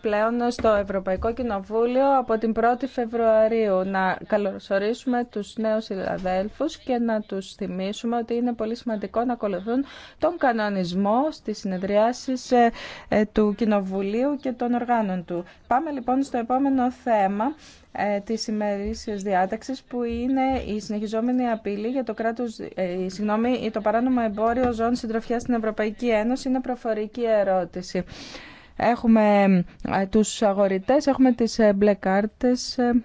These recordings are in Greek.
πλέον στο Ευρωπαϊκό Κοινοβούλιο από την 1η Φεβρουαρίου να καλωσορίσουμε τους νέους συναδέλφους και να τους θυμίσουμε ότι είναι πολύ σημαντικό να ακολουθούν τον κανονισμό στις συνεδριάσεις ε, ε, του Κοινοβουλίου και των οργάνων του. Πάμε λοιπόν στο επόμενο θέμα ε, της ημερήσιας διάταξης που είναι η συνεχιζόμενη απειλή για το κράτος, ε, συγγνώμη, το παράνομο εμπόριο ζώνη συντροφιά στην Ευρωπαϊκή Ένωση είναι προφορική ερώτηση. Έχουμε ε, τους αγορητές, έχουμε τις ε, μπλε κάρτες ε,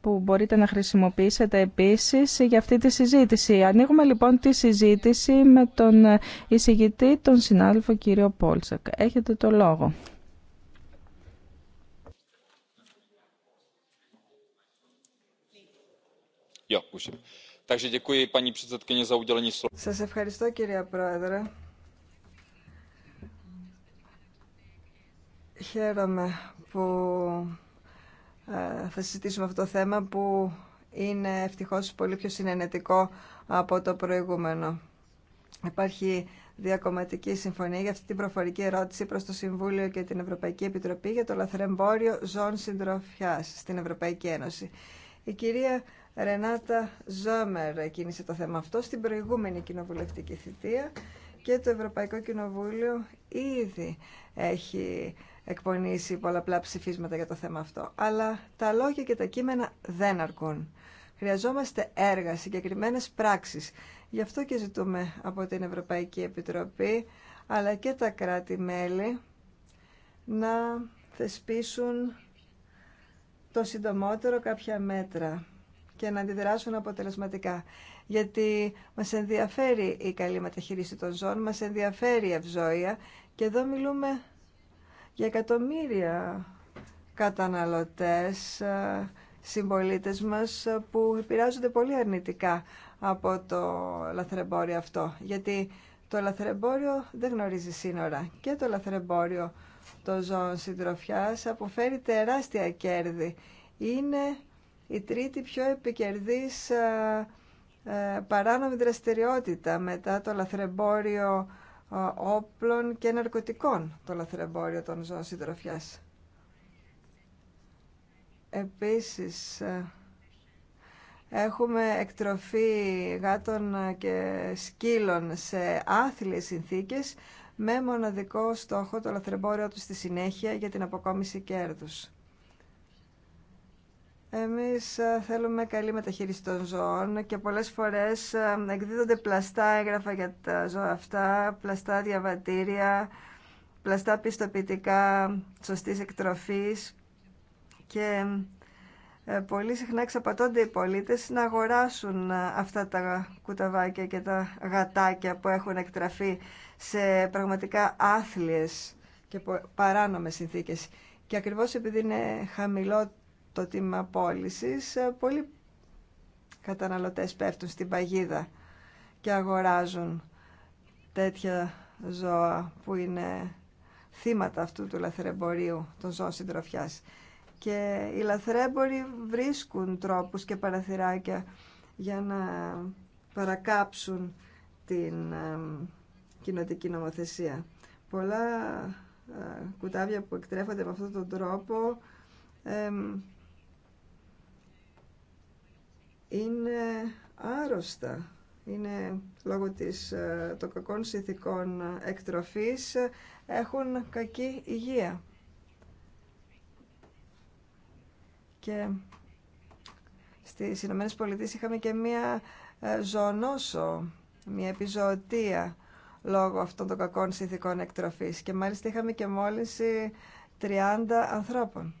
που μπορείτε να χρησιμοποιήσετε επίσης για αυτή τη συζήτηση. Ανοίγουμε λοιπόν τη συζήτηση με τον εισηγητή, τον συνάδελφο κύριο Πόλτσακ. Έχετε το λόγο. Σας ευχαριστώ κυρία Πρόεδρε. Χαίρομαι που ε, θα συζητήσουμε αυτό το θέμα που είναι ευτυχώς πολύ πιο συνενετικό από το προηγούμενο. Υπάρχει διακομματική συμφωνία για αυτή την προφορική ερώτηση προς το Συμβούλιο και την Ευρωπαϊκή Επιτροπή για το λαθρεμπόριο ζών συντροφιάς στην Ευρωπαϊκή Ένωση. Η κυρία Ρενάτα Ζόμερ κίνησε το θέμα αυτό στην προηγούμενη κοινοβουλευτική θητεία και το Ευρωπαϊκό Κοινοβούλιο ήδη έχει εκπονήσει πολλαπλά ψηφίσματα για το θέμα αυτό. Αλλά τα λόγια και τα κείμενα δεν αρκούν. Χρειαζόμαστε έργα, συγκεκριμένες πράξεις. Γι' αυτό και ζητούμε από την Ευρωπαϊκή Επιτροπή, αλλά και τα κράτη-μέλη, να θεσπίσουν το συντομότερο κάποια μέτρα και να αντιδράσουν αποτελεσματικά. Γιατί μας ενδιαφέρει η καλή μεταχείριση των ζώων, μας ενδιαφέρει η ευζόεια και εδώ μιλούμε για εκατομμύρια καταναλωτές, ε, συμπολίτες μας ε, που επηρεάζονται πολύ αρνητικά από το λαθρεμπόριο αυτό. Γιατί το λαθρεμπόριο δεν γνωρίζει σύνορα και το λαθρεμπόριο των ζώων συντροφιάς αποφέρει τεράστια κέρδη. Είναι η τρίτη πιο επικερδής ε, παράνομη δραστηριότητα μετά το λαθρεμπόριο όπλων και ναρκωτικών το λαθρεμπόριο των ζώων συντροφιάς. Επίσης, ε, έχουμε εκτροφή γάτων και σκύλων σε άθλιες συνθήκες με μοναδικό στόχο το λαθρεμπόριο του στη συνέχεια για την αποκόμιση κέρδους. Εμείς ε, θέλουμε καλή μεταχείριση των ζώων και πολλές φορές ε, εκδίδονται πλαστά έγγραφα για τα ζώα αυτά, πλαστά διαβατήρια, πλαστά πιστοποιητικά σωστής εκτροφής και ε, πολύ συχνά εξαπατώνται οι πολίτες να αγοράσουν αυτά τα κουταβάκια και τα γατάκια που έχουν εκτραφεί σε πραγματικά άθλιες και παράνομες συνθήκες. Και ακριβώς επειδή είναι χαμηλό το τίμημα πώληση, ε, πολλοί καταναλωτές πέφτουν στην παγίδα και αγοράζουν τέτοια ζώα που είναι θύματα αυτού του λαθρεμπορίου των ζώων συντροφιά. Και οι λαθρέμποροι βρίσκουν τρόπους και παραθυράκια για να παρακάψουν την ε, κοινοτική νομοθεσία. Πολλά ε, κουτάβια που εκτρέφονται με αυτόν τον τρόπο είναι άρρωστα. Είναι λόγω της, ε, των κακών συνθηκών εκτροφής έχουν κακή υγεία. Και στις Ηνωμένες Πολιτείες είχαμε και μία ε, ζωνόσο, μία επιζωοτία λόγω αυτών των κακών συνθηκών εκτροφής. Και μάλιστα είχαμε και μόλις 30 ανθρώπων.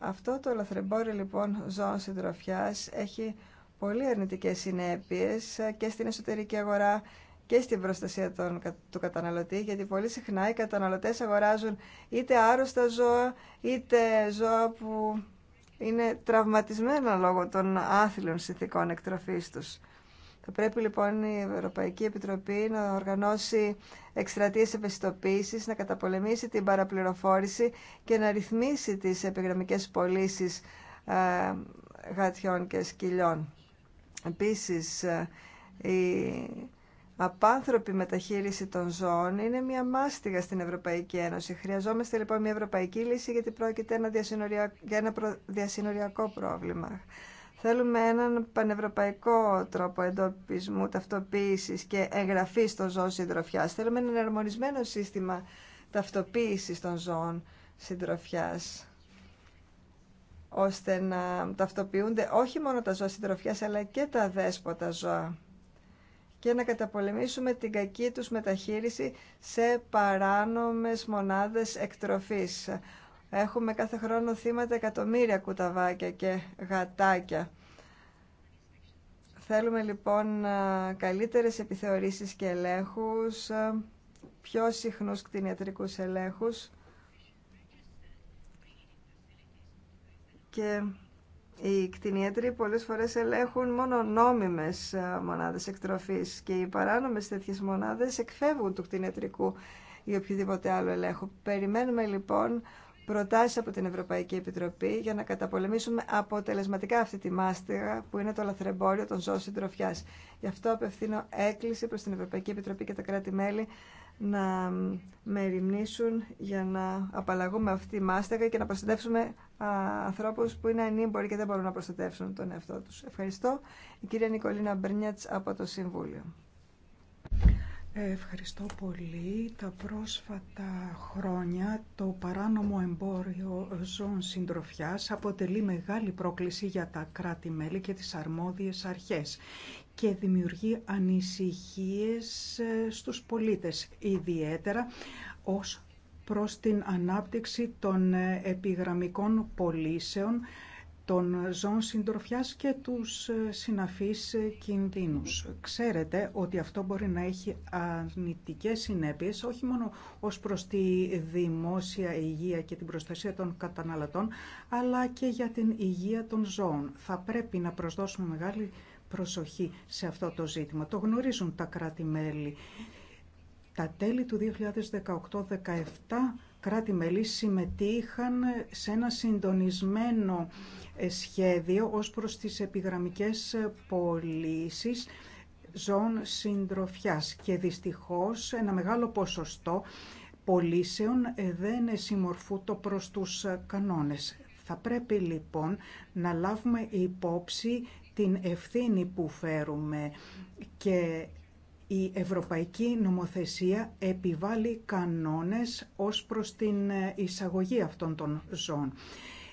Αυτό το λαθρεμπόριο λοιπόν ζώων συντροφιά έχει πολύ αρνητικέ συνέπειες ε, και στην εσωτερική αγορά και στην προστασία των, του καταναλωτή, γιατί πολύ συχνά οι καταναλωτές αγοράζουν είτε άρρωστα ζώα, είτε ζώα που είναι τραυματισμένα λόγω των άθλιων συνθήκων εκτροφής τους. Θα πρέπει λοιπόν η Ευρωπαϊκή Επιτροπή να οργανώσει εκστρατείες ευαισθητοποίησης, να καταπολεμήσει την παραπληροφόρηση και να ρυθμίσει τις επιγραμμικές πωλήσει ε, γατιών και σκυλιών. Επίσης, ε, η απάνθρωπη μεταχείριση των ζώων είναι μια μάστιγα στην Ευρωπαϊκή Ένωση. Χρειαζόμαστε λοιπόν μια ευρωπαϊκή λύση γιατί πρόκειται για ένα διασυνοριακό πρόβλημα. Θέλουμε έναν πανευρωπαϊκό τρόπο εντοπισμού, ταυτοποίηση και εγγραφή των ζώων συντροφιά. Θέλουμε ένα εναρμονισμένο σύστημα ταυτοποίηση των ζώων συντροφιάς ώστε να ταυτοποιούνται όχι μόνο τα ζώα συντροφιά, αλλά και τα δέσποτα ζώα και να καταπολεμήσουμε την κακή τους μεταχείριση σε παράνομες μονάδες εκτροφής Έχουμε κάθε χρόνο θύματα εκατομμύρια κουταβάκια και γατάκια. Θέλουμε λοιπόν καλύτερες επιθεωρήσεις και ελέγχους, πιο συχνούς κτηνιατρικούς ελέγχους και οι κτηνίατροι πολλές φορές ελέγχουν μόνο νόμιμες μονάδες εκτροφής και οι παράνομες τέτοιες μονάδες εκφεύγουν του κτηνιατρικού ή οποιοδήποτε άλλο ελέγχο. Περιμένουμε λοιπόν προτάσεις από την Ευρωπαϊκή Επιτροπή για να καταπολεμήσουμε αποτελεσματικά αυτή τη μάστιγα που είναι το λαθρεμπόριο των ζώων συντροφιά. Γι' αυτό απευθύνω έκκληση προς την Ευρωπαϊκή Επιτροπή και τα κράτη-μέλη να μεριμνήσουν για να απαλλαγούμε αυτή τη μάστιγα και να προστατεύσουμε ανθρώπους που είναι ανήμποροι και δεν μπορούν να προστατεύσουν τον εαυτό τους. Ευχαριστώ. Η κυρία Νικολίνα Μπρνιάτς από το Συμβούλιο. Ευχαριστώ πολύ. Τα πρόσφατα χρόνια το παράνομο εμπόριο ζών συντροφιάς αποτελεί μεγάλη πρόκληση για τα κράτη-μέλη και τις αρμόδιες αρχές και δημιουργεί ανησυχίες ε, στους πολίτες, ιδιαίτερα ως προς την ανάπτυξη των ε, επιγραμμικών πωλήσεων των ζώων συντροφιάς και τους ε, συναφείς ε, κινδύνους. Ξέρετε ότι αυτό μπορεί να έχει αρνητικές συνέπειες, όχι μόνο ως προς τη δημόσια υγεία και την προστασία των καταναλωτών, αλλά και για την υγεία των ζώων. Θα πρέπει να προσδώσουμε μεγάλη προσοχή σε αυτό το ζήτημα. Το γνωρίζουν τα κράτη-μέλη. Τα τέλη του 2018-17 κράτη-μέλη συμμετείχαν σε ένα συντονισμένο ε, σχέδιο ως προς τις επιγραμμικές ε, πωλήσει ζώων συντροφιάς και δυστυχώς ένα μεγάλο ποσοστό πωλήσεων ε, δεν συμμορφούτο προς τους κανόνες. Θα πρέπει λοιπόν να λάβουμε υπόψη την ευθύνη που φέρουμε και η Ευρωπαϊκή Νομοθεσία επιβάλλει κανόνες ως προς την ε, εισαγωγή αυτών των ζώων.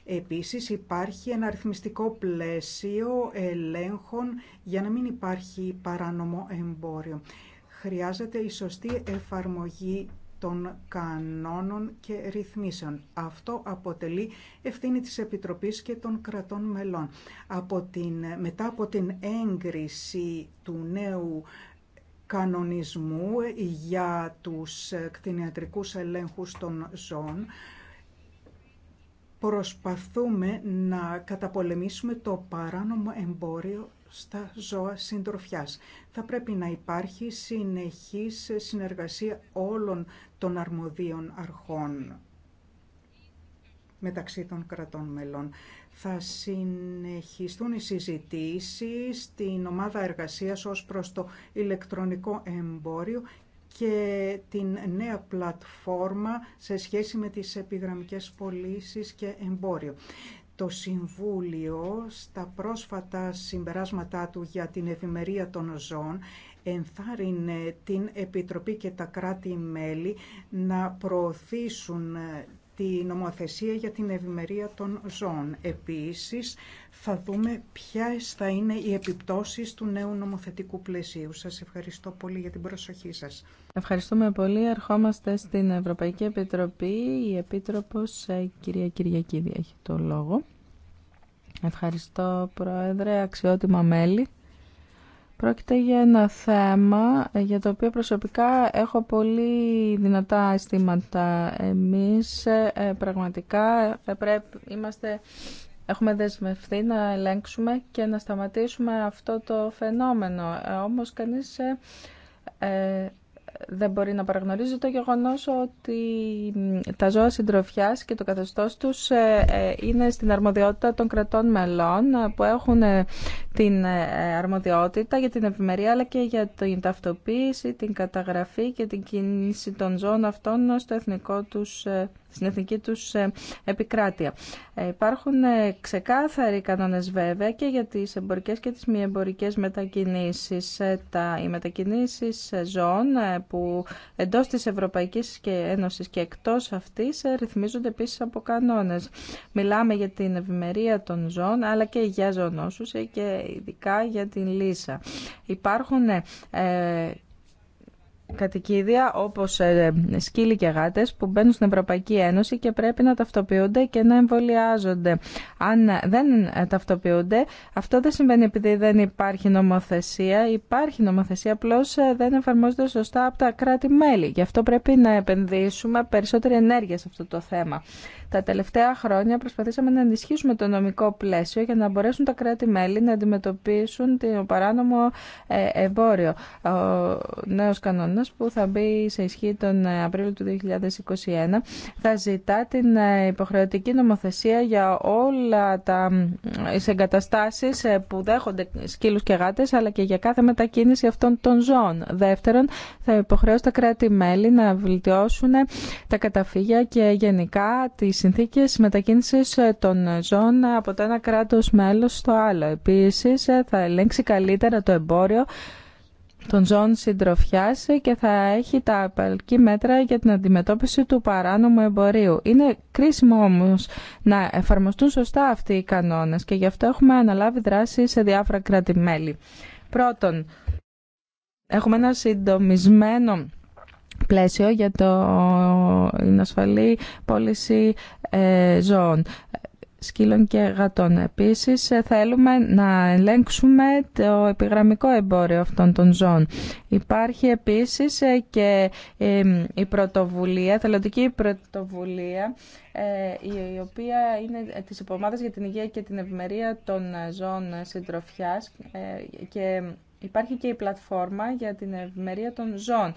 Επίσης υπάρχει ένα αριθμιστικό πλαίσιο ελέγχων για να μην υπάρχει παράνομο εμπόριο. Χρειάζεται η σωστή εφαρμογή των κανόνων και ρυθμίσεων. Αυτό αποτελεί ευθύνη της Επιτροπής και των κρατών μελών. Από την, μετά από την έγκριση του νέου κανονισμού για τους κτηνιατρικούς ελέγχους των ζώων προσπαθούμε να καταπολεμήσουμε το παράνομο εμπόριο στα ζώα συντροφιάς. Θα πρέπει να υπάρχει συνεχής συνεργασία όλων των αρμοδίων αρχών μεταξύ των κρατών μελών. Θα συνεχιστούν οι συζητήσεις στην ομάδα εργασίας ως προς το ηλεκτρονικό εμπόριο και την νέα πλατφόρμα σε σχέση με τις επιγραμμικές πωλήσει και εμπόριο. Το Συμβούλιο στα πρόσφατα συμπεράσματά του για την ευημερία των ζώων ενθάρρυνε την Επιτροπή και τα κράτη-μέλη να προωθήσουν τη νομοθεσία για την ευημερία των ζώων. Επίσης, θα δούμε ποιες θα είναι οι επιπτώσεις του νέου νομοθετικού πλαισίου. Σας ευχαριστώ πολύ για την προσοχή σας. Ευχαριστούμε πολύ. Ερχόμαστε στην Ευρωπαϊκή Επιτροπή. Η Επίτροπος, ε, η κυρία Κυριακίδη, έχει το λόγο. Ευχαριστώ, Πρόεδρε, αξιότιμα μέλη. Πρόκειται για ένα θέμα για το οποίο προσωπικά έχω πολύ δυνατά αισθήματα. Εμείς ε, ε, πραγματικά ε, πρέπει, είμαστε, έχουμε δεσμευτεί να ελέγξουμε και να σταματήσουμε αυτό το φαινόμενο. Όμως κανείς δεν μπορεί να παραγνωρίζει το γεγονός ότι τα ζώα συντροφιάς και το καθεστώς τους ε, ε, είναι στην αρμοδιότητα των κρατών μελών ε, που έχουν την αρμοδιότητα για την ευημερία αλλά και για την ταυτοποίηση, την καταγραφή και την κίνηση των ζώων αυτών στο εθνικό τους στην εθνική τους ε, επικράτεια. Ε, υπάρχουν ε, ξεκάθαροι κανόνες βέβαια και για τις εμπορικές και τις μη εμπορικές μετακινήσεις. Τα, οι μετακινήσεις ζώων που εντός της Ευρωπαϊκής και Ένωσης και εκτός αυτής ρυθμίζονται επίσης από κανόνες. Μιλάμε για την ευημερία των ζώων αλλά και για ζωνόσους και ειδικά για την λύσα. Υπάρχουν κατοικίδια όπως ε, σκύλοι και γάτες που μπαίνουν στην Ευρωπαϊκή Ένωση και πρέπει να ταυτοποιούνται και να εμβολιάζονται. Αν δεν ε, ταυτοποιούνται, αυτό δεν συμβαίνει επειδή δεν υπάρχει νομοθεσία. Υπάρχει νομοθεσία, απλώ ε, δεν εφαρμόζεται σωστά από τα κράτη-μέλη. Γι' αυτό πρέπει να επενδύσουμε περισσότερη ενέργεια σε αυτό το θέμα. Τα τελευταία χρόνια προσπαθήσαμε να ενισχύσουμε το νομικό πλαίσιο για να μπορέσουν τα κράτη-μέλη να αντιμετωπίσουν το παράνομο ε, εμπόριο. Ο νέο κανόνα που θα μπει σε ισχύ τον ε, Απρίλιο του 2021 θα ζητά την ε, υποχρεωτική νομοθεσία για όλα τα εγκαταστάσεις που δέχονται σκύλους και γάτες αλλά και για κάθε μετακίνηση αυτών των ζώων. Δεύτερον, θα υποχρεώσει τα κράτη-μέλη να βελτιώσουν τα καταφύγια και γενικά συνθήκες μετακίνησης ε, των ζώων από το ένα κράτος μέλος στο άλλο. Επίσης ε, θα ελέγξει καλύτερα το εμπόριο των ζώων συντροφιάς και θα έχει τα απαλκή μέτρα για την αντιμετώπιση του παράνομου εμπορίου. Είναι κρίσιμο όμως, να εφαρμοστούν σωστά αυτοί οι κανόνες και γι' αυτό έχουμε αναλάβει δράση σε διάφορα κράτη-μέλη. Πρώτον, έχουμε ένα συντομισμένο πλαίσιο για το, την ασφαλή πώληση ε, ζώων σκύλων και γατών. Επίσης ε, θέλουμε να ελέγξουμε το επιγραμμικό εμπόριο αυτών των ζώων. Υπάρχει επίσης ε, και η πρωτοβουλία, θελοντική πρωτοβουλία, η οποία είναι της υπομάδας για την υγεία και την Ευημερία των ζώων συντροφιάς και υπάρχει και η πλατφόρμα για την Ευημερία των ζώων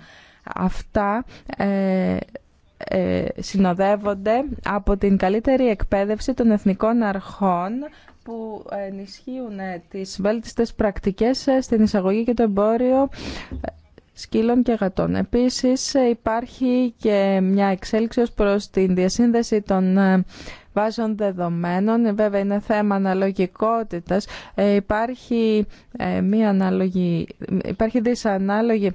αυτά ε, ε, συνοδεύονται από την καλύτερη εκπαίδευση των εθνικών αρχών που ενισχύουν ε, τις βέλτιστες πρακτικές στην εισαγωγή και το εμπόριο σκύλων και γατών. Επίσης υπάρχει και μια εξέλιξη ως προς την διασύνδεση των βάζων δεδομένων. Βέβαια είναι θέμα αναλογικότητας. Υπάρχει, μια αναλογη... υπάρχει δυσανάλογη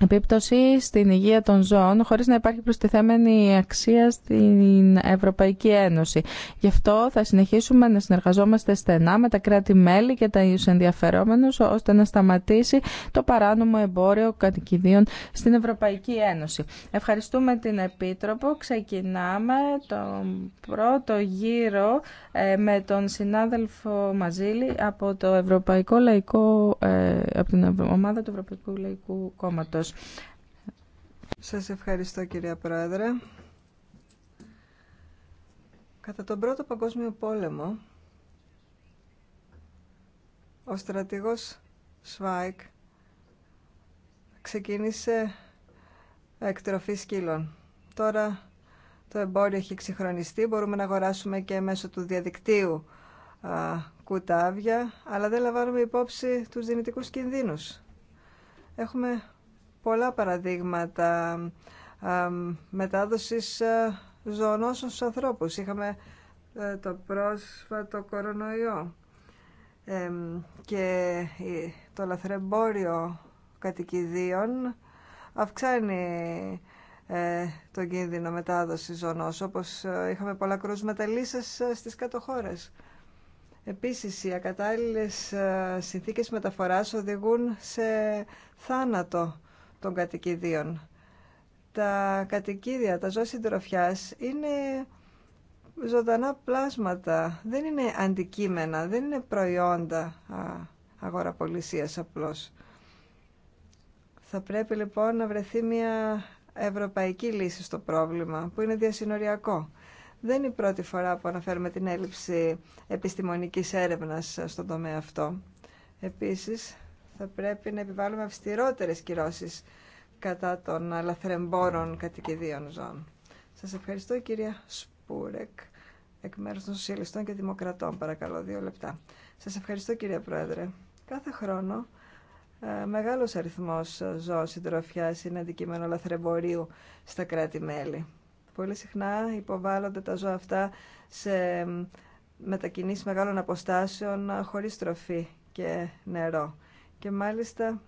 επίπτωση στην υγεία των ζώων χωρίς να υπάρχει προστιθέμενη αξία στην Ευρωπαϊκή Ένωση. Γι' αυτό θα συνεχίσουμε να συνεργαζόμαστε στενά με τα κράτη-μέλη και τα ενδιαφερόμενους ώστε να σταματήσει το παράνομο εμπόριο κατοικιδίων στην Ευρωπαϊκή Ένωση. Ευχαριστούμε την Επίτροπο. Ξεκινάμε τον πρώτο γύρο ε, με τον συνάδελφο Μαζίλη από, το Ευρωπαϊκό Λαϊκό, ε, από την ομάδα του Ευρωπαϊκού Λαϊκού Κόμματος. Σα Σας ευχαριστώ κυρία Πρόεδρε. Κατά τον Πρώτο Παγκόσμιο Πόλεμο, ο στρατηγός Σβάικ ξεκίνησε εκτροφή σκύλων. Τώρα το εμπόριο έχει ξεχρονιστεί, μπορούμε να αγοράσουμε και μέσω του διαδικτύου κουτάβια, αλλά δεν λαμβάνουμε υπόψη τους δυνητικούς κινδύνους. Έχουμε πολλά παραδείγματα μετάδοσης ε, ζωνόσων στους ανθρώπους. Είχαμε ε, το πρόσφατο κορονοϊό και ε, το λαθρεμπόριο κατοικιδίων αυξάνει το κίνδυνο μετάδοση ζωνός, όπως είχαμε πολλά κρούσματα λύσας στις κάτω χώρες. Επίσης, οι ακατάλληλες συνθήκες μεταφοράς οδηγούν σε θάνατο των κατοικιδίων. Τα κατοικίδια, τα ζώα συντροφιά είναι ζωντανά πλάσματα, δεν είναι αντικείμενα, δεν είναι προϊόντα αγοραπολισίας απλώς. Θα πρέπει λοιπόν να βρεθεί μια ευρωπαϊκή λύση στο πρόβλημα που είναι διασυνοριακό. Δεν είναι η πρώτη φορά που αναφέρουμε την έλλειψη επιστημονικής έρευνας στον τομέα αυτό. Επίσης, θα πρέπει να επιβάλλουμε αυστηρότερες κυρώσεις κατά των λαθρεμπόρων κατοικιδίων ζώων. Σας ευχαριστώ κυρία Σπούρεκ, εκ μέρους των Σοσιαλιστών και Δημοκρατών, παρακαλώ δύο λεπτά. Σας ευχαριστώ κυρία Πρόεδρε. Κάθε χρόνο ε, μεγάλος αριθμός ζώων συντροφιάς είναι αντικείμενο λαθρεμπορίου στα κράτη-μέλη. Πολύ συχνά υποβάλλονται τα ζώα αυτά σε μετακινήσεις μεγάλων αποστάσεων χωρίς τροφή και νερό. Και μάλιστα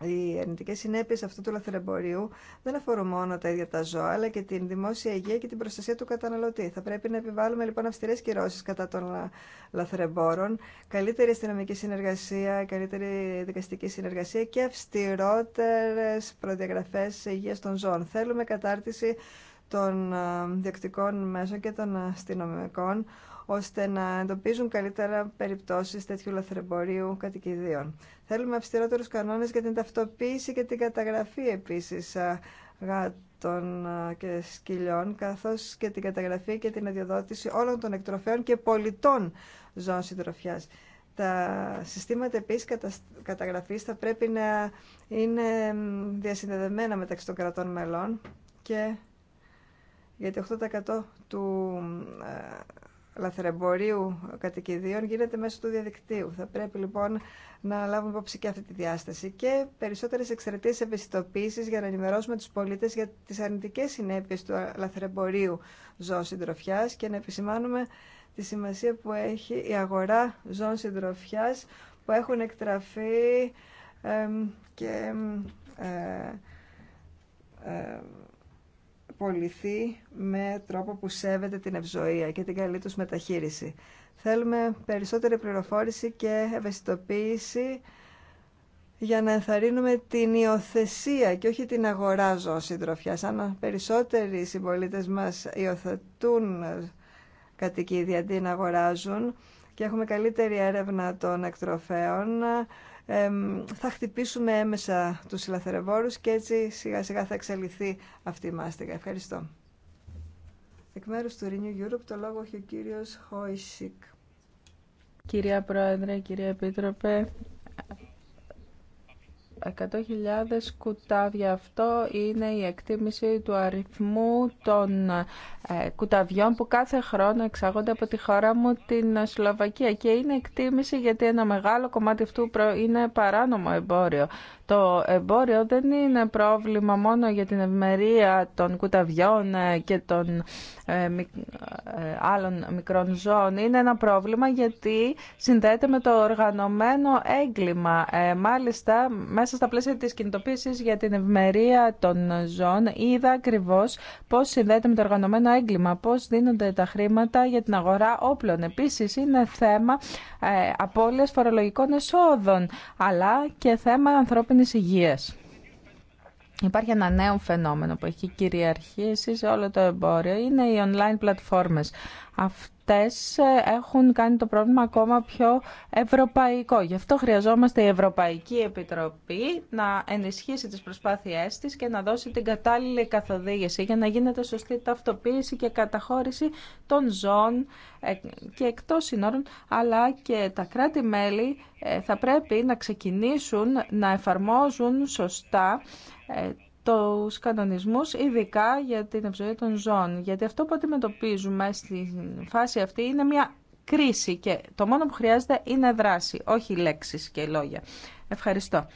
οι αρνητικές συνέπειες αυτού του λαθρεμπορίου δεν αφορούν μόνο τα ίδια τα ζώα, αλλά και την δημόσια υγεία και την προστασία του καταναλωτή. Θα πρέπει να επιβάλλουμε λοιπόν αυστηρές κυρώσεις κατά των λαθρεμπόρων, καλύτερη αστυνομική συνεργασία, καλύτερη δικαστική συνεργασία και αυστηρότερες προδιαγραφές υγείας των ζώων. Θέλουμε κατάρτιση των διοκτικών μέσων και των αστυνομικών, ώστε να εντοπίζουν καλύτερα περιπτώσεις τέτοιου λαθρεμπορίου κατοικιδίων. Θέλουμε αυστηρότερου κανόνε για την ταυτοποίηση και την καταγραφή επίσης γάτων και σκυλιών, καθώς και την καταγραφή και την αδειοδότηση όλων των εκτροφέων και πολιτών ζώων συντροφιά. Τα συστήματα επίσης καταγραφής θα πρέπει να είναι διασυνδεδεμένα μεταξύ των κρατών μελών και γιατί 8% του λαθρεμπορίου κατοικιδίων γίνεται μέσω του διαδικτύου. Θα πρέπει λοιπόν να λάβουμε υπόψη και αυτή τη διάσταση και περισσότερες εξαιρετικές επιστοπίσεις για να ενημερώσουμε τους πολίτες για τις αρνητικές συνέπειες του λαθρεμπορίου ζώων συντροφιά και να επισημάνουμε τη σημασία που έχει η αγορά ζώων συντροφιά που έχουν εκτραφεί και ε, ε, πολιθεί με τρόπο που σέβεται την ευζοία και την καλή τους μεταχείριση. Θέλουμε περισσότερη πληροφόρηση και ευαισθητοποίηση για να ενθαρρύνουμε την υιοθεσία και όχι την αγορά τροφιάς. Αν περισσότεροι συμπολίτε μας υιοθετούν κατοικίδια αντί να αγοράζουν και έχουμε καλύτερη έρευνα των εκτροφέων, θα χτυπήσουμε έμεσα τους λαθρεμπόρους και έτσι σιγά σιγά θα εξαλειφθεί αυτή η μάστιγα. Ευχαριστώ. Εκ μέρους του Renew Europe το λόγο έχει ο κύριος Χόισικ. Κυρία Πρόεδρε, κυρία Επίτροπε, 100.000 κουτάβια. Αυτό είναι η εκτίμηση του αριθμού των ε, κουταβιών που κάθε χρόνο εξάγονται από τη χώρα μου την Σλοβακία και είναι εκτίμηση γιατί ένα μεγάλο κομμάτι αυτού είναι παράνομο εμπόριο. Το εμπόριο δεν είναι πρόβλημα μόνο για την ευμερία των κουταβιών ε, και των ε, ε, άλλων μικρών ζώων. Είναι ένα πρόβλημα γιατί συνδέεται με το οργανωμένο έγκλημα. Μάλιστα, μέσα στα πλαίσια της κινητοποίησης για την ευμερία των ζώων είδα ακριβώς πώς συνδέεται με το οργανωμένο έγκλημα, πώς δίνονται τα χρήματα για την αγορά όπλων. Επίσης, είναι θέμα απώλειας φορολογικών εσόδων, αλλά και θέμα ανθρώπινων ανθρώπινης υγείας. Υπάρχει ένα νέο φαινόμενο που έχει κυριαρχήσει σε όλο το εμπόριο. Είναι οι online πλατφόρμες. Αυτό αυτές ε, έχουν κάνει το πρόβλημα ακόμα πιο ευρωπαϊκό. Γι' αυτό χρειαζόμαστε η Ευρωπαϊκή Επιτροπή να ενισχύσει τις προσπάθειές της και να δώσει την κατάλληλη καθοδήγηση για να γίνεται σωστή ταυτοποίηση και καταχώρηση των ζώων ε, και εκτός συνόρων, αλλά και τα κράτη-μέλη ε, θα πρέπει να ξεκινήσουν να εφαρμόζουν σωστά τους κανονισμούς, ειδικά για την ευζοία των ζώων. Γιατί αυτό που αντιμετωπίζουμε στη φάση αυτή είναι μια κρίση και το μόνο που χρειάζεται είναι δράση, όχι λέξεις και λόγια. Ευχαριστώ.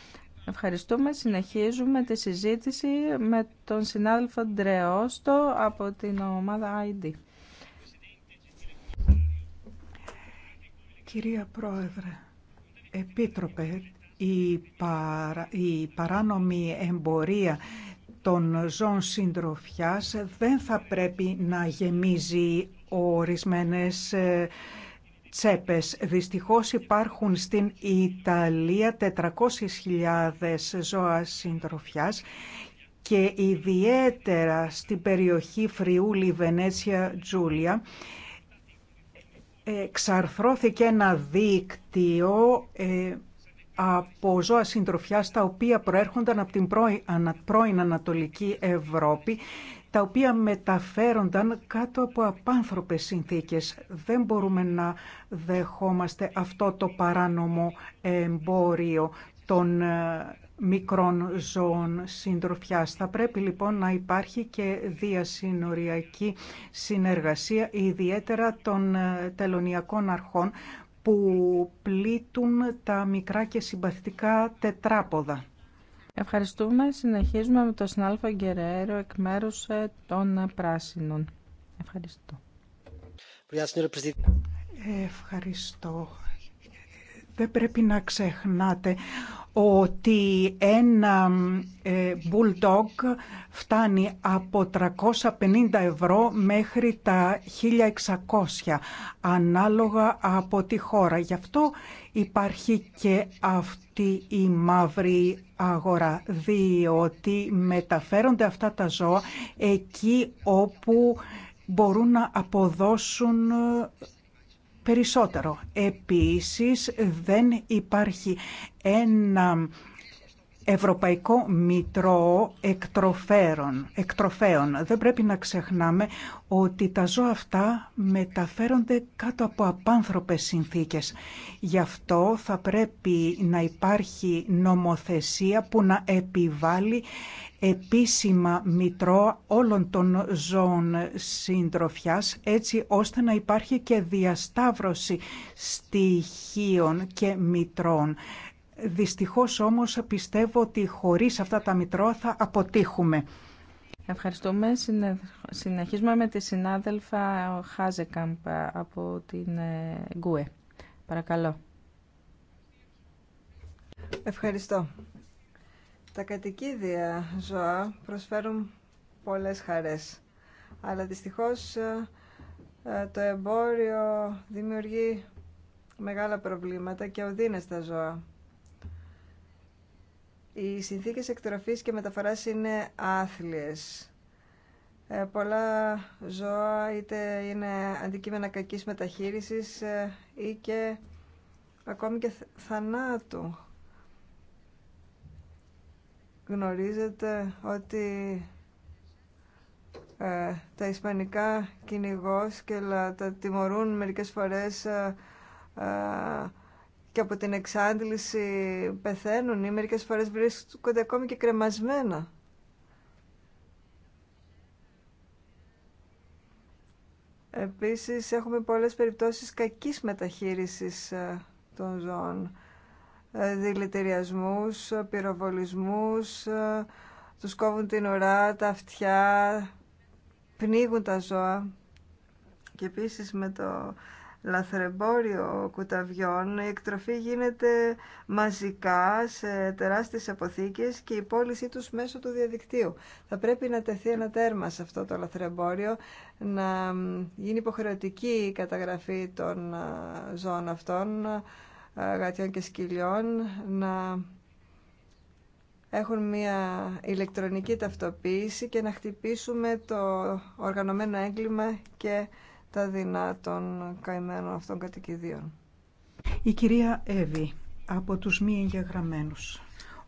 Ευχαριστούμε. Συνεχίζουμε τη συζήτηση με τον συνάδελφο Ντρεώστο από την ομάδα ID. Κυρία Πρόεδρε, Επίτροπε, η, παράνομη εμπορία των ζώων συντροφιάς δεν θα πρέπει να γεμίζει ορισμένες ε, τσέπες. Δυστυχώς υπάρχουν στην Ιταλία 400.000 ζώα συντροφιάς και ιδιαίτερα στην περιοχή Φριούλη Βενέτσια Τζούλια εξαρθρώθηκε ένα δίκτυο ε, από ζώα συντροφιά, τα οποία προέρχονταν από την πρώην Ανατολική Ευρώπη τα οποία μεταφέρονταν κάτω από απάνθρωπες συνθήκες. Δεν μπορούμε να δεχόμαστε αυτό το παράνομο εμπόριο των ε, μικρών ζώων συντροφιάς. Θα πρέπει λοιπόν να υπάρχει και διασυνοριακή συνεργασία, ιδιαίτερα των ε, τελωνιακών αρχών που πλήττουν τα μικρά και συμπαθητικά τετράποδα. Ευχαριστούμε. Συνεχίζουμε με τον συνάλφα Γκερέρο εκ μέρου ε, των Πράσινων. Ευχαριστώ. Ευχαριστώ. Δεν πρέπει να ξεχνάτε ότι ένα ε, bulldog φτάνει από 350 ευρώ μέχρι τα 1600 ανάλογα από τη χώρα. Γι' αυτό υπάρχει και αυτή η μαύρη αγορά, διότι μεταφέρονται αυτά τα ζώα εκεί όπου μπορούν να αποδώσουν περισσότερο. Επίσης δεν υπάρχει ένα Ευρωπαϊκό Μητρό εκτροφέων. εκτροφέων. Δεν πρέπει να ξεχνάμε ότι τα ζώα αυτά μεταφέρονται κάτω από απάνθρωπες συνθήκες. Γι' αυτό θα πρέπει να υπάρχει νομοθεσία που να επιβάλλει επίσημα μητρό όλων των ζώων συντροφιάς έτσι ώστε να υπάρχει και διασταύρωση στοιχείων και μητρών. Δυστυχώς όμως πιστεύω ότι χωρίς αυτά τα μητρώα θα αποτύχουμε. Ευχαριστούμε. Συνεχίζουμε με τη συνάδελφα Χάζεκαμπ από την ε, Γκουε. Παρακαλώ. Ευχαριστώ. Τα κατοικίδια ζώα προσφέρουν πολλές χαρές, αλλά δυστυχώς ε, ε, το εμπόριο δημιουργεί μεγάλα προβλήματα και οδύνες τα ζώα. Οι συνθήκες εκτροφής και μεταφοράς είναι άθλιες. Ε, πολλά ζώα είτε είναι αντικείμενα κακής μεταχείρισης ή και ακόμη και θανάτου γνωρίζετε ότι ε, τα ισπανικά κυνηγός και τα τιμωρούν μερικές φορές ε, ε, και από την εξάντληση πεθαίνουν ή μερικές φορές βρίσκονται ακόμη και κρεμασμένα. Επίσης έχουμε πολλές περιπτώσεις κακής μεταχείρισης των ζώων ε, δηλητηριασμούς, πυροβολισμούς, ε, τους κόβουν την ουρά, τα αυτιά, πνίγουν τα ζώα. Και επίσης με το λαθρεμπόριο κουταβιών, η εκτροφή γίνεται μαζικά σε τεράστιες αποθήκες και η πώλησή τους μέσω του διαδικτύου. Θα πρέπει να τεθεί ένα τέρμα σε αυτό το λαθρεμπόριο, να γίνει υποχρεωτική η καταγραφή των ε, ζώων αυτών, γατιών και σκυλιών να έχουν μια ηλεκτρονική ταυτοποίηση και να χτυπήσουμε το οργανωμένο έγκλημα και τα δεινά των καημένων αυτών κατοικιδίων. Η κυρία Εύη από τους μη εγγεγραμμένους.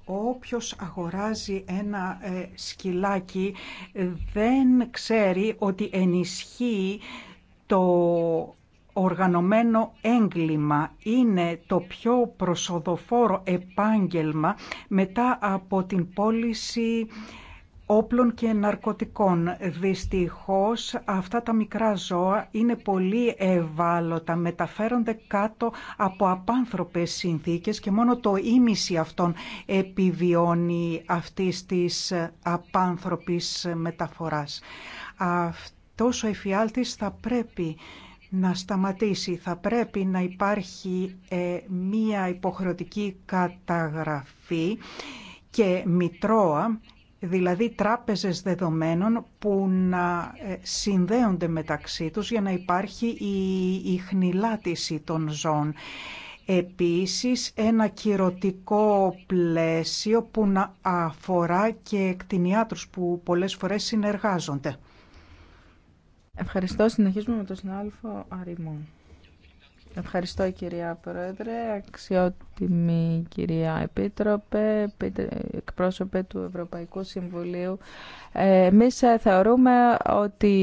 Όποιος αγοράζει ένα ε, σκυλάκι ε, δεν ξέρει ότι ενισχύει το οργανωμένο έγκλημα είναι το πιο προσοδοφόρο επάγγελμα μετά από την πώληση όπλων και ναρκωτικών. Δυστυχώς αυτά τα μικρά ζώα είναι πολύ ευάλωτα, μεταφέρονται κάτω από απάνθρωπες συνθήκες και μόνο το ίμιση αυτών επιβιώνει αυτή της απάνθρωπης μεταφοράς. Αυτός ο εφιάλτης θα πρέπει να σταματήσει. Θα πρέπει να υπάρχει ε, μία υποχρεωτική καταγραφή και μητρώα, δηλαδή τράπεζες δεδομένων που να ε, συνδέονται μεταξύ τους για να υπάρχει η, η χνηλάτιση των ζώων. Επίσης ένα κυρωτικό πλαίσιο που να αφορά και εκτινιάτρους που πολλές φορές συνεργάζονται. Ευχαριστώ. Συνεχίζουμε με τον συνάδελφο αριθμό. Ευχαριστώ κυρία Πρόεδρε, αξιότιμη κυρία Επίτροπε, εκπρόσωπε του Ευρωπαϊκού Συμβουλίου. Ε, εμείς ε, θεωρούμε ότι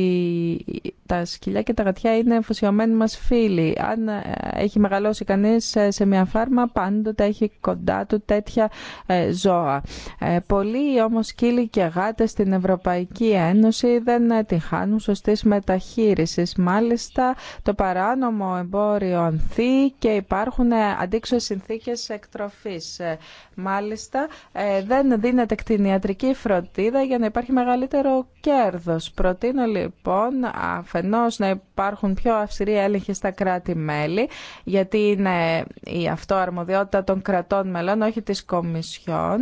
τα σκυλιά και τα γατιά είναι φωσιωμένοι μας φίλοι. Αν ε, έχει μεγαλώσει κανείς σε μια φάρμα, πάντοτε έχει κοντά του τέτοια ζώα. Πολλοί όμως σκύλοι και γάτες στην Ευρωπαϊκή Ένωση δεν τυχάνουν χάνουν σωστής μεταχείρισης. Μάλιστα, το παράνομο εμπόριο και υπάρχουν ε, αντίξωες συνθήκες εκτροφής. Ε, μάλιστα, ε, δεν δίνεται κτηνιατρική φροντίδα για να υπάρχει μεγαλύτερο κέρδος. Προτείνω λοιπόν αφενός να υπάρχουν πιο αυστηροί έλεγχοι στα κράτη-μέλη, γιατί είναι η αυτό των κρατών μελών, όχι της Κομισιόν,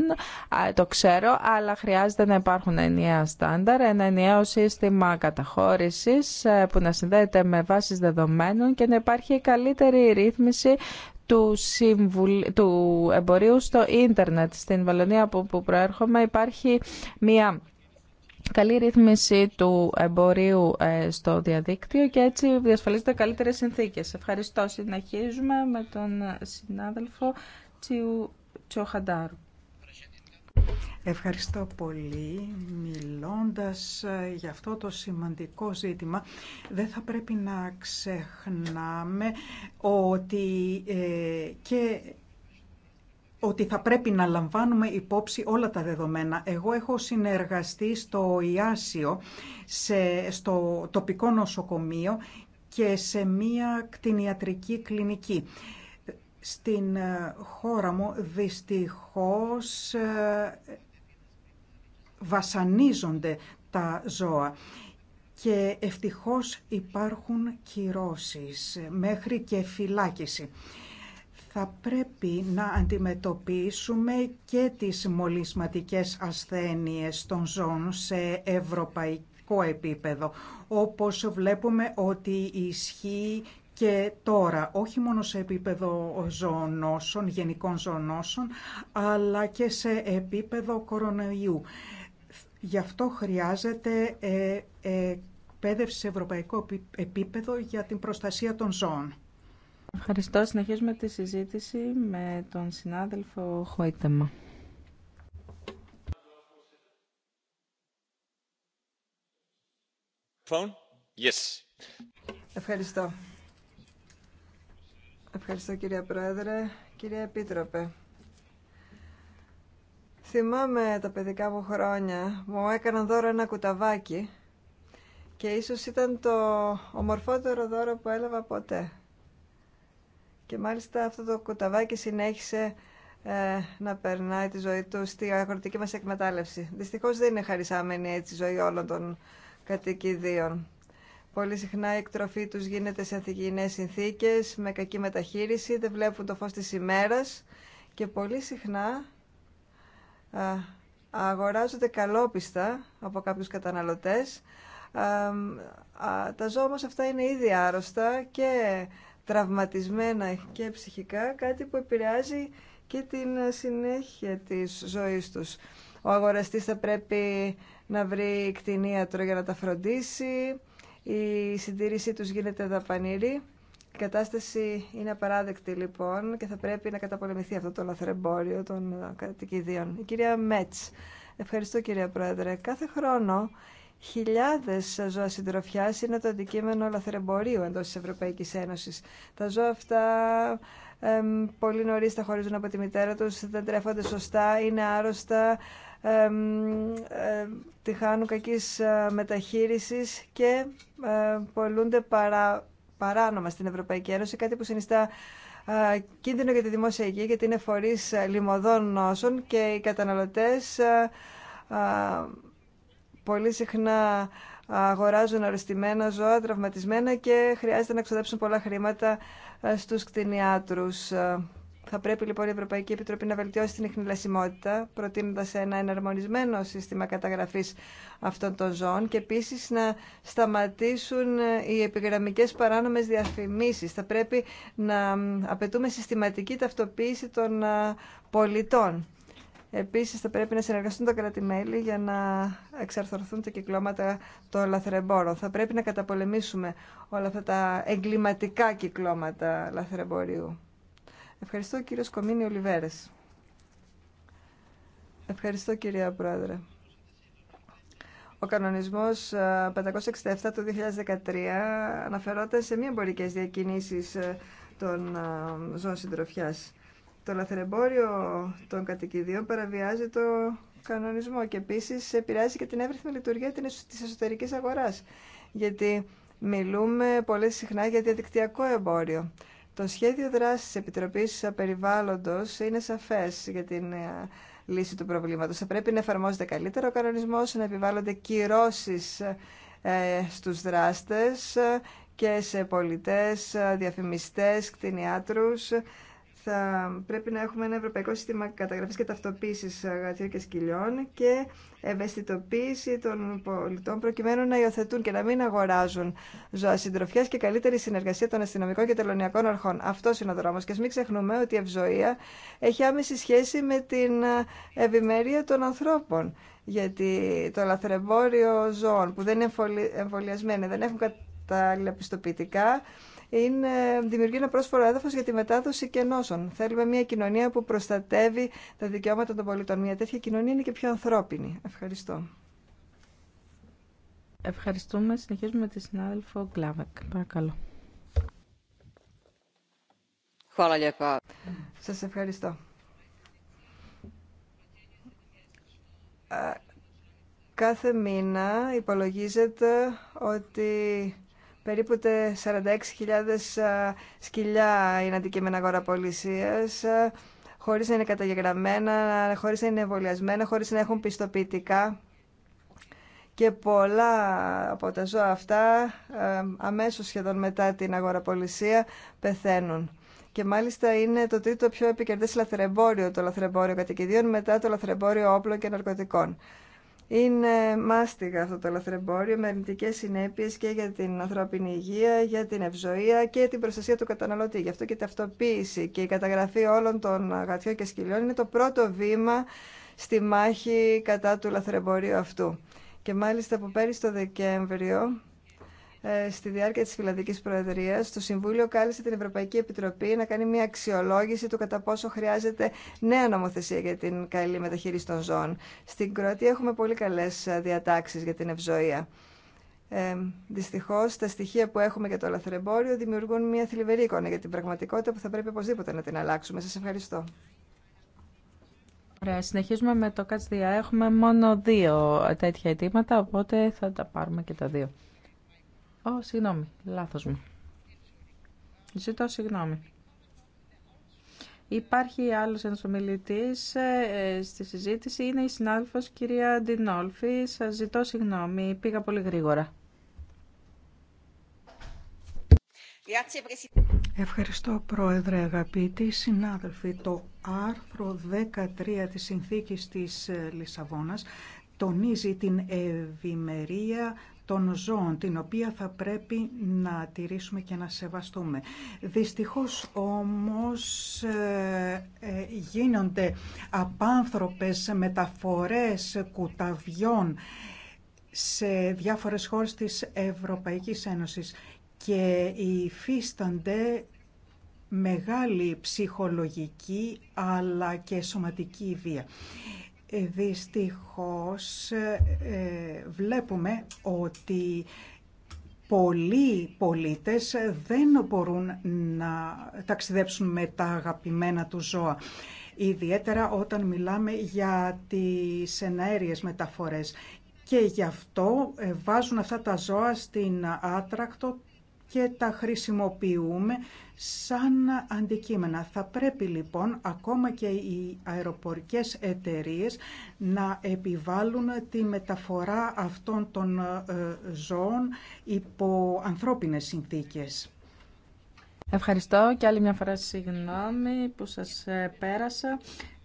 το ξέρω, αλλά χρειάζεται να υπάρχουν ενιαία στάνταρ, ένα ενιαίο σύστημα καταχώρησης που να συνδέεται με βάσεις δεδομένων και να υπάρχει καλή καλύτερη ρύθμιση του, συμβουλ... του εμπορίου στο ίντερνετ. Στην Βαλονία που προέρχομαι υπάρχει μια καλή ρύθμιση του εμπορίου ε, στο διαδίκτυο και έτσι διασφαλίζεται καλύτερες συνθήκες. Ευχαριστώ. Συνεχίζουμε με τον συνάδελφο Τσιου Τσοχαντάρου. Ευχαριστώ πολύ. Μιλώντας ε, για αυτό το σημαντικό ζήτημα, δεν θα πρέπει να ξεχνάμε ότι ε, και ότι θα πρέπει να λαμβάνουμε υπόψη όλα τα δεδομένα. Εγώ έχω συνεργαστεί στο Ιάσιο, σε, στο τοπικό νοσοκομείο και σε μία κτηνιατρική κλινική. Στην ε, χώρα μου δυστυχώς βασανίζονται τα ζώα. Και ευτυχώς υπάρχουν κυρώσεις μέχρι και φυλάκιση. Θα πρέπει να αντιμετωπίσουμε και τις μολυσματικές ασθένειες των ζώων σε ευρωπαϊκό επίπεδο, όπως βλέπουμε ότι ισχύει και τώρα, όχι μόνο σε επίπεδο ζωονόσων, γενικών ζωονόσων, αλλά και σε επίπεδο κορονοϊού. Γι' αυτό χρειάζεται ε, ε, εκπαίδευση σε ευρωπαϊκό επίπεδο για την προστασία των ζώων. Ευχαριστώ. Συνεχίζουμε τη συζήτηση με τον συνάδελφο Χόιτεμα. Yes. Ευχαριστώ. Ευχαριστώ κύριε Πρόεδρε, Κύριε Επίτροπε. Θυμάμαι τα παιδικά μου χρόνια. Μου έκαναν δώρο ένα κουταβάκι και ίσως ήταν το ομορφότερο δώρο που έλαβα ποτέ. Και μάλιστα αυτό το κουταβάκι συνέχισε ε, να περνάει τη ζωή του στη αγροτική μας εκμετάλλευση. Δυστυχώς δεν είναι χαρισάμενη έτσι η ζωή όλων των κατοικιδίων. Πολύ συχνά η εκτροφή τους γίνεται σε ανθυγιεινές συνθήκες, με κακή μεταχείριση, δεν βλέπουν το φως της ημέρας και πολύ συχνά αγοράζονται καλόπιστα από κάποιους καταναλωτές. Τα ζώα μας αυτά είναι ήδη άρρωστα και τραυματισμένα και ψυχικά, κάτι που επηρεάζει και την συνέχεια της ζωής τους. Ο αγοραστής θα πρέπει να βρει κτηνίατρο για να τα φροντίσει, η συντήρησή τους γίνεται δαπανηρή η κατάσταση είναι απαράδεκτη λοιπόν και θα πρέπει να καταπολεμηθεί αυτό το λαθρεμπόριο των κατοικιδίων. Η κυρία Μέτς. Ευχαριστώ κυρία Πρόεδρε. Κάθε χρόνο χιλιάδες ζώα συντροφιάς είναι το αντικείμενο λαθρεμπορίου εντός της Ευρωπαϊκής Ένωσης. Τα ζώα αυτά πολύ νωρίς τα χωρίζουν από τη μητέρα τους, δεν τρέφονται σωστά, είναι άρρωστα, ε, ε, τη κακής μεταχείρισης και ε, πολλούνται παρά, παράνομα στην Ευρωπαϊκή Ένωση, κάτι που συνιστά κίνδυνο για τη δημόσια υγεία, γιατί είναι φορεί λιμωδών νόσων και οι καταναλωτές πολύ συχνά αγοράζουν αρρωστημένα ζώα, τραυματισμένα και χρειάζεται να ξοδέψουν πολλά χρήματα στους κτηνιάτρους θα πρέπει λοιπόν η Ευρωπαϊκή Επιτροπή να βελτιώσει την εχνηλασιμότητα, προτείνοντα ένα εναρμονισμένο σύστημα καταγραφή αυτών των ζώων και επίση να σταματήσουν οι επιγραμμικέ παράνομε διαφημίσει. Θα πρέπει να απαιτούμε συστηματική ταυτοποίηση των πολιτών. Επίσης θα πρέπει να συνεργαστούν τα κράτη-μέλη για να εξαρθρωθούν τα κυκλώματα των λαθρεμπόρων. Θα πρέπει να καταπολεμήσουμε όλα αυτά τα εγκληματικά κυκλώματα λαθρεμπορίου. Ευχαριστώ κύριο Σκομίνη Ολιβέρες. Ευχαριστώ κυρία Πρόεδρε. Ο κανονισμός 567 ε, του 2013 αναφερόταν σε μη εμπορικές διακινήσεις ε, των ε, ζώων συντροφιάς. Το λαθρεμπόριο των κατοικιδίων παραβιάζει το κανονισμό και επίσης επηρεάζει και την εύρυθμη λειτουργία της εσωτερικής αγοράς. Γιατί μιλούμε πολύ συχνά για διαδικτυακό εμπόριο. Το σχέδιο δράσης της Επιτροπής Περιβάλλοντος είναι σαφές για την ε, λύση του προβλήματος. Θα πρέπει να εφαρμόζεται καλύτερο ο κανονισμός, να επιβάλλονται κυρώσεις ε, στους δράστες και σε πολιτές, ε, διαφημιστές, κτηνιάτρους, θα πρέπει να έχουμε ένα ευρωπαϊκό σύστημα καταγραφής και ταυτοποίησης γατιών και σκυλιών και ευαισθητοποίηση των πολιτών προκειμένου να υιοθετούν και να μην αγοράζουν ζώα συντροφιά και καλύτερη συνεργασία των αστυνομικών και τελωνιακών αρχών. Αυτό είναι ο δρόμο. Και α μην ξεχνούμε ότι η ευζοία έχει άμεση σχέση με την ευημερία των ανθρώπων. Γιατί το λαθρεμπόριο ζώων που δεν είναι εμβολιασμένοι, δεν έχουν τα είναι, δημιουργεί ένα πρόσφορο έδαφο για τη μετάδοση κενώσεων. Θέλουμε μια κοινωνία που προστατεύει τα δικαιώματα των πολιτών. Μια τέτοια κοινωνία είναι και πιο ανθρώπινη. Ευχαριστώ. Ευχαριστούμε. Συνεχίζουμε τη συνάδελφο Γκλάβεκ. Παρακαλώ. Σας ευχαριστώ. Κάθε μήνα υπολογίζεται ότι Περίπου 46.000 σκυλιά είναι αντικείμενα αγοραπολισία, χωρίς να είναι καταγεγραμμένα, χωρίς να είναι εμβολιασμένα, χωρίς να έχουν πιστοποιητικά. Και πολλά από τα ζώα αυτά, αμέσως σχεδόν μετά την αγοραπολισία, πεθαίνουν. Και μάλιστα είναι το τρίτο πιο επικερδές λαθρεμπόριο, το λαθρεμπόριο κατοικιδίων, μετά το λαθρεμπόριο όπλων και ναρκωτικών. Είναι μάστιγα αυτό το λαθρεμπόριο με αρνητικέ συνέπειε και για την ανθρώπινη υγεία, για την ευζοία και την προστασία του καταναλωτή. Γι' αυτό και η ταυτοποίηση και η καταγραφή όλων των αγαθιών και σκυλιών είναι το πρώτο βήμα στη μάχη κατά του λαθρεμπορίου αυτού. Και μάλιστα από πέρυσι το Δεκέμβριο ε, στη διάρκεια της Φιλανδικής Προεδρίας το Συμβούλιο κάλεσε την Ευρωπαϊκή Επιτροπή να κάνει μια αξιολόγηση του κατά πόσο χρειάζεται νέα νομοθεσία για την καλή μεταχείριση των ζώων. Στην Κροατία έχουμε πολύ καλές ε, διατάξεις για την ευζοία. Ε, Δυστυχώ, τα στοιχεία που έχουμε για το λαθρεμπόριο δημιουργούν μια θλιβερή εικόνα για την πραγματικότητα που θα πρέπει οπωσδήποτε να την αλλάξουμε. Σα ευχαριστώ. Ωραία, συνεχίζουμε με το ΚΑΤΣΔΙΑ. Έχουμε μόνο δύο τέτοια αιτήματα, οπότε θα τα πάρουμε και τα δύο. Ω, oh, συγγνώμη, λάθος μου. Ζητώ συγγνώμη. Υπάρχει άλλος ένας ε, ε, στη συζήτηση, είναι η συνάδελφος κυρία Ντινόλφη. Σας ζητώ συγγνώμη, πήγα πολύ γρήγορα. Ευχαριστώ Πρόεδρε αγαπητοί συνάδελφοι. Το άρθρο 13 της Συνθήκης της ε, Λισαβόνας τονίζει την ευημερία των ζώων, την οποία θα πρέπει να τηρήσουμε και να σεβαστούμε. Δυστυχώς όμως ε, ε, γίνονται απάνθρωπες μεταφορές κουταβιών σε διάφορες χώρες της Ευρωπαϊκής Ένωσης και υφίστανται μεγάλη ψυχολογική αλλά και σωματική βία. Ε, δυστυχώς ε, ε, βλέπουμε ότι πολλοί πολίτες δεν μπορούν να ταξιδέψουν με τα αγαπημένα του ζώα. Ιδιαίτερα όταν μιλάμε για τις εναέριες μεταφορές. Και γι' αυτό βάζουν αυτά τα ζώα στην άτρακτο και τα χρησιμοποιούμε σαν αντικείμενα. Θα πρέπει λοιπόν ακόμα και οι αεροπορικές εταιρείες να επιβάλλουν τη μεταφορά αυτών των ε, ζώων υπό ανθρώπινες συνθήκες. Ευχαριστώ και άλλη μια φορά συγγνώμη που σας ε, πέρασα.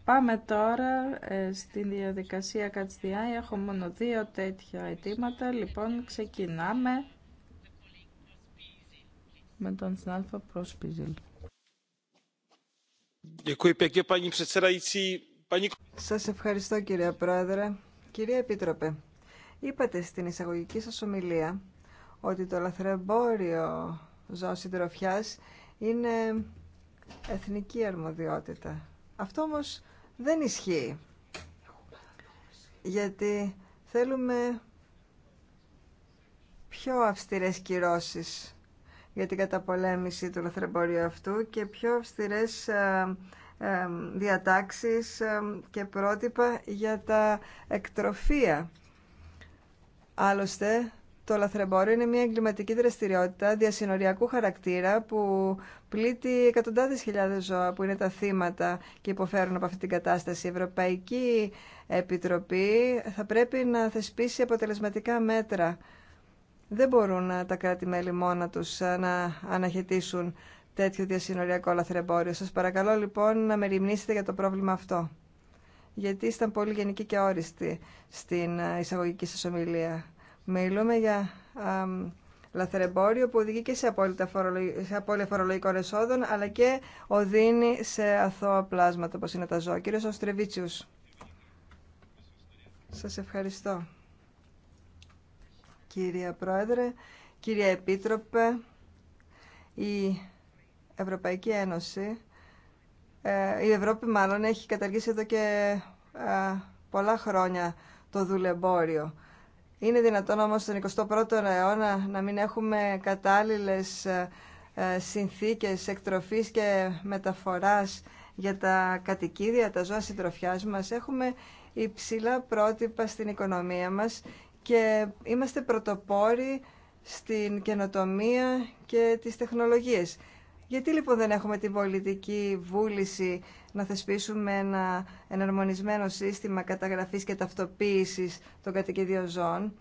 Πάμε τώρα ε, στην διαδικασία Κατσδιάη. Έχω μόνο δύο τέτοια αιτήματα. Λοιπόν, ξεκινάμε με τον Σας ευχαριστώ κυρία Πρόεδρε. Κυρία Επίτροπε, είπατε στην εισαγωγική σας ομιλία ότι το λαθρεμπόριο ζώων συντροφιάς είναι εθνική αρμοδιότητα. Αυτό όμως δεν ισχύει. Γιατί θέλουμε πιο αυστηρές κυρώσεις για την καταπολέμηση του λαθρεμπόριου αυτού και πιο αυστηρές ε, ε, διατάξεις ε, και πρότυπα για τα εκτροφία. Άλλωστε, το λαθρεμπόριο είναι μια εγκληματική δραστηριότητα διασυνοριακού χαρακτήρα που πλήττει εκατοντάδες χιλιάδες ζώα που είναι τα θύματα και υποφέρουν από αυτή την κατάσταση. Η Ευρωπαϊκή Επιτροπή θα πρέπει να θεσπίσει αποτελεσματικά μέτρα δεν μπορούν τα κράτη-μέλη μόνα τους ε, να αναχαιτήσουν τέτοιο διασυνοριακό λαθρεμπόριο. Σας παρακαλώ λοιπόν να μεριμνήσετε για το πρόβλημα αυτό. Γιατί ήσταν πολύ γενικοί και όριστοι στην ε, εισαγωγική σας ομιλία. Μιλούμε για α, λαθρεμπόριο που οδηγεί και σε απόλυτα απόλυτα φορολογικών εσόδων, αλλά και οδύνει σε αθώα πλάσματα όπως είναι τα ζώα. Κύριος Οστρεβίτσιους, σας ευχαριστώ. Κυρία Πρόεδρε, κυρία Επίτροπε, η Ευρωπαϊκή Ένωση, ε, η Ευρώπη μάλλον έχει καταργήσει εδώ και ε, πολλά χρόνια το δουλεμπόριο. Είναι δυνατόν όμως τον 21ο αιώνα να μην έχουμε κατάλληλες ε, συνθήκες εκτροφής και μεταφοράς για τα κατοικίδια, τα ζώα συντροφιάς μας. Έχουμε υψηλά πρότυπα στην οικονομία μας και είμαστε πρωτοπόροι στην καινοτομία και τις τεχνολογίες. Γιατί λοιπόν δεν έχουμε την πολιτική βούληση να θεσπίσουμε ένα εναρμονισμένο σύστημα καταγραφής και ταυτοποίησης των κατοικιδίων ζώων.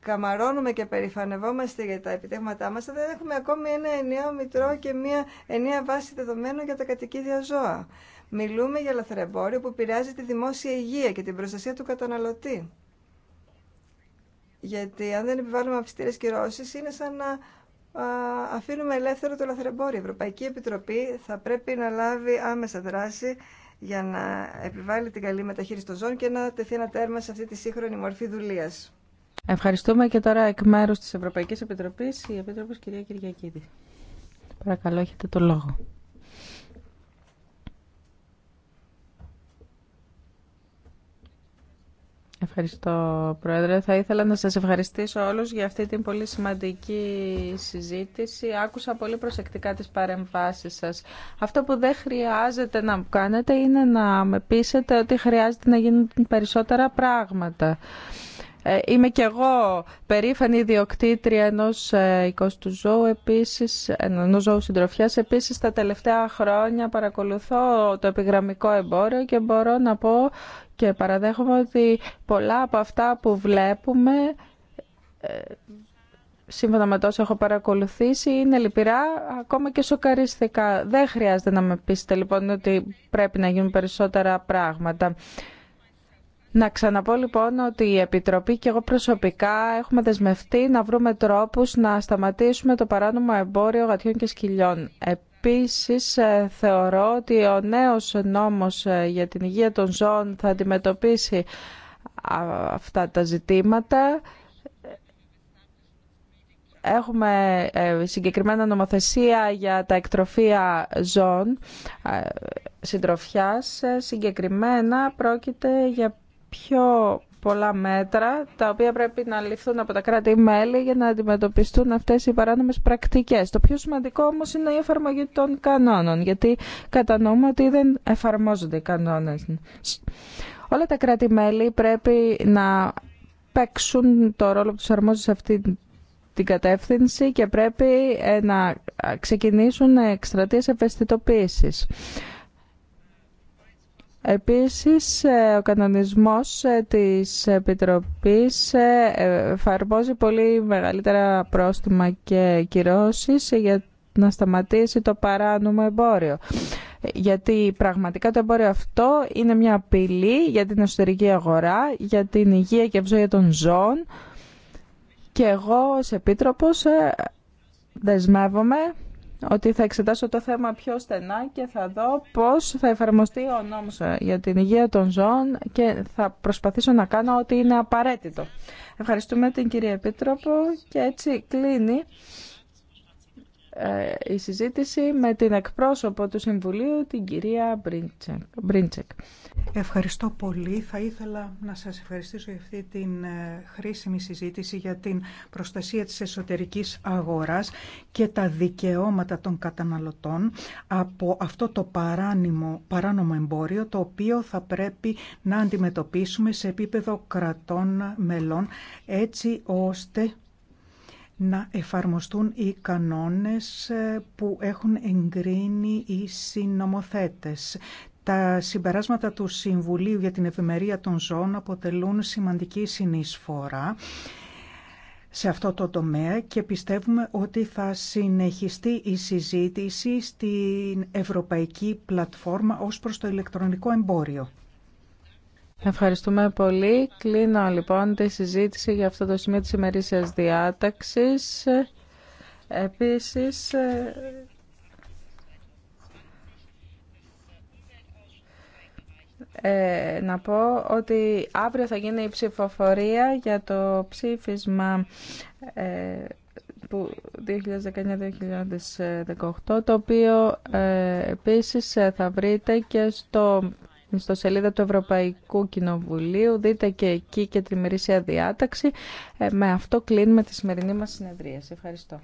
Καμαρώνουμε και περηφανευόμαστε για τα επιτεύγματά μας, αλλά δεν έχουμε ακόμη ένα ενιαίο μητρό και μια ενιαία βάση δεδομένων για τα κατοικίδια ζώα. Μιλούμε για λαθρεμπόριο που πειράζει τη δημόσια υγεία και την προστασία του καταναλωτή. Γιατί αν δεν επιβάλλουμε αυστηρέ κυρώσει, είναι σαν να αφήνουμε ελεύθερο το λαθρεμπόριο. Η Ευρωπαϊκή Επιτροπή θα πρέπει να λάβει άμεσα δράση για να επιβάλλει την καλή μεταχείριση των ζώων και να τεθεί ένα τέρμα σε αυτή τη σύγχρονη μορφή δουλεία. Ευχαριστούμε και τώρα εκ μέρου τη Ευρωπαϊκή Επιτροπή η Επίτροπο κυρία Κυριακίδη. Παρακαλώ, έχετε το λόγο. Ευχαριστώ, Πρόεδρε. Θα ήθελα να σας ευχαριστήσω όλους για αυτή την πολύ σημαντική συζήτηση. Άκουσα πολύ προσεκτικά τις παρεμβάσεις σας. Αυτό που δεν χρειάζεται να κάνετε είναι να με πείσετε ότι χρειάζεται να γίνουν περισσότερα πράγματα. Ε, είμαι και εγώ περήφανη ιδιοκτήτρια ενός οικοστού ε, ζώου, επίσης, ε, ενός ζώου συντροφιάς. Επίσης, τα τελευταία χρόνια παρακολουθώ το επιγραμμικό εμπόριο και μπορώ να πω και παραδέχομαι ότι πολλά από αυτά που βλέπουμε σύμφωνα με τόσο έχω παρακολουθήσει, είναι λυπηρά, ακόμα και σοκαριστικά. Δεν χρειάζεται να με πείσετε λοιπόν ότι πρέπει να γίνουν περισσότερα πράγματα. Να ξαναπώ λοιπόν ότι η Επιτροπή και εγώ προσωπικά έχουμε δεσμευτεί να βρούμε τρόπους να σταματήσουμε το παράνομο εμπόριο γατιών και σκυλιών. Επίσης ε, θεωρώ ότι ο νέος νόμος ε, για την υγεία των ζώων θα αντιμετωπίσει αυτά τα ζητήματα. Έχουμε ε, συγκεκριμένα νομοθεσία για τα εκτροφία ζώων συντροφιάς. Συγκεκριμένα πρόκειται για πιο πολλά μέτρα τα οποία πρέπει να ληφθούν από τα κράτη-μέλη για να αντιμετωπιστούν αυτές οι παράνομες πρακτικές. Το πιο σημαντικό όμως είναι η εφαρμογή των κανόνων, γιατί κατανοούμε ότι δεν εφαρμόζονται οι κανόνες. Όλα τα κράτη-μέλη πρέπει να παίξουν το ρόλο που τους αρμόζει σε αυτή την κατεύθυνση και πρέπει ε, να ξεκινήσουν εκστρατείες ευαισθητοποίησης. Επίσης, ε, ο κανονισμός ε, της Επιτροπής ε, εφαρμόζει πολύ μεγαλύτερα πρόστιμα και κυρώσεις για να σταματήσει το παράνομο εμπόριο. Γιατί πραγματικά το εμπόριο αυτό είναι μια απειλή για την εσωτερική αγορά, για την υγεία και ζωή των ζώων. Και εγώ ως Επίτροπος δεσμεύομαι ότι θα εξετάσω το θέμα πιο στενά και θα δω πώς θα εφαρμοστεί ο νόμος για την υγεία των ζώων και θα προσπαθήσω να κάνω ό,τι είναι απαραίτητο. Ευχαριστούμε την κυρία Επίτροπο και έτσι κλείνει ε, η συζήτηση με την εκπρόσωπο του Συμβουλίου, την κυρία Μπρίντσεκ. Ευχαριστώ πολύ. Θα ήθελα να σας ευχαριστήσω για αυτή την ε, χρήσιμη συζήτηση για την προστασία της εσωτερικής αγοράς και τα δικαιώματα των καταναλωτών από αυτό το παράνομο, παράνομο εμπόριο το οποίο θα πρέπει να αντιμετωπίσουμε σε επίπεδο κρατών μελών έτσι ώστε να εφαρμοστούν οι κανόνες ε, που έχουν εγκρίνει οι συνομοθέτες. Τα συμπεράσματα του Συμβουλίου για την Ευημερία των Ζώων αποτελούν σημαντική συνεισφορά σε αυτό το τομέα και πιστεύουμε ότι θα συνεχιστεί η συζήτηση στην Ευρωπαϊκή Πλατφόρμα ως προς το ηλεκτρονικό εμπόριο. Ευχαριστούμε πολύ. Κλείνω λοιπόν τη συζήτηση για αυτό το σημείο της ημερήσιας διάταξης. Επίσης, ε, ε, να πω ότι αύριο θα γίνει η ψηφοφορία για το ψήφισμα ε, που 2019-2018 το οποίο ε, επίσης ε, θα βρείτε και στο στο σελίδα του Ευρωπαϊκού Κοινοβουλίου. Δείτε και εκεί και τη μερίσια διάταξη. Ε, με αυτό κλείνουμε τη σημερινή μας συνεδρία. Ευχαριστώ.